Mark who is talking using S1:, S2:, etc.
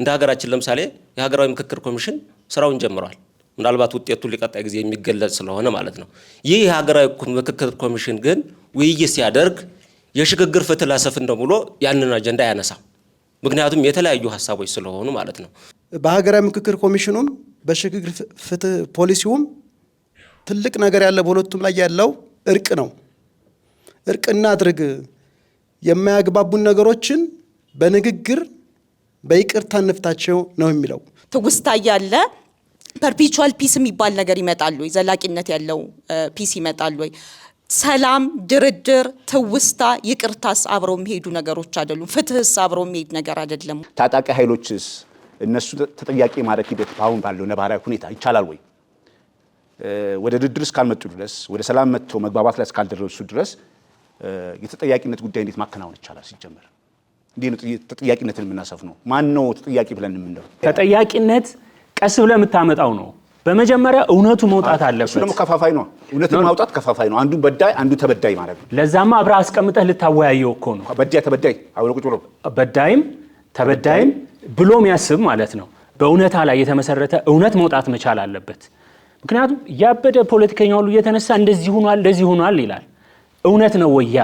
S1: እንደ ሀገራችን ለምሳሌ የሀገራዊ ምክክር ኮሚሽን ስራውን ጀምሯል። ምናልባት ውጤቱ ሊቀጣይ ጊዜ የሚገለጽ ስለሆነ ማለት ነው። ይህ የሀገራዊ ምክክር ኮሚሽን ግን ውይይት ሲያደርግ የሽግግር ፍትህ ላሰፍን ነው ብሎ ያንን አጀንዳ አያነሳም። ምክንያቱም የተለያዩ ሀሳቦች ስለሆኑ ማለት ነው።
S2: በሀገራዊ ምክክር ኮሚሽኑም በሽግግር ፍትህ ፖሊሲውም ትልቅ ነገር ያለ በሁለቱም ላይ ያለው እርቅ ነው። እርቅና አድርግ የማያግባቡን ነገሮችን በንግግር በይቅርታ እንፍታቸው ነው የሚለው።
S3: ትውስታ እያለ ፐርፔቹዋል ፒስ የሚባል ነገር ይመጣል ወይ? ዘላቂነት ያለው ፒስ ይመጣል ወይ? ሰላም፣ ድርድር፣ ትውስታ፣ ይቅርታስ አብረው የሚሄዱ ነገሮች አይደሉም። ፍትህስ አብረው የሚሄድ ነገር አይደለም።
S4: ታጣቂ ኃይሎችስ እነሱ ተጠያቂ ማድረግ ሂደት በአሁን ባለው ነባራዊ ሁኔታ ይቻላል ወይ? ወደ ድርድር እስካልመጡ ድረስ ወደ ሰላም መጥተው መግባባት ላይ እስካልደረሱ ድረስ የተጠያቂነት ጉዳይ እንዴት ማከናወን ይቻላል ሲጀመር እንዲህ ነው ተጠያቂነትን ነው። ማን ነው ተጠያቂ ብለን የምንለው?
S5: ተጠያቂነት ቀስ ብለ የምታመጣው ነው። በመጀመሪያ እውነቱ መውጣት አለበት።
S4: እሱ ደግሞ ከፋፋይ ነው። እውነቱን ማውጣት ከፋፋይ ነው። አንዱ በዳይ አንዱ ተበዳይ ማለት ነው።
S5: ለዛማ አብረህ አስቀምጠህ ልታወያየው እኮ ነው።
S4: በዳይ ተበዳይ አብሮ ቁጭ ብሎ
S5: በዳይም ተበዳይም ብሎ የሚያስብ ማለት ነው። በእውነታ ላይ የተመሰረተ እውነት መውጣት መቻል አለበት። ምክንያቱም ያበደ ፖለቲከኛ ሁሉ እየተነሳ እንደዚህ ሆኗል እንደዚህ ሆኗል ይላል። እውነት ነው ወያ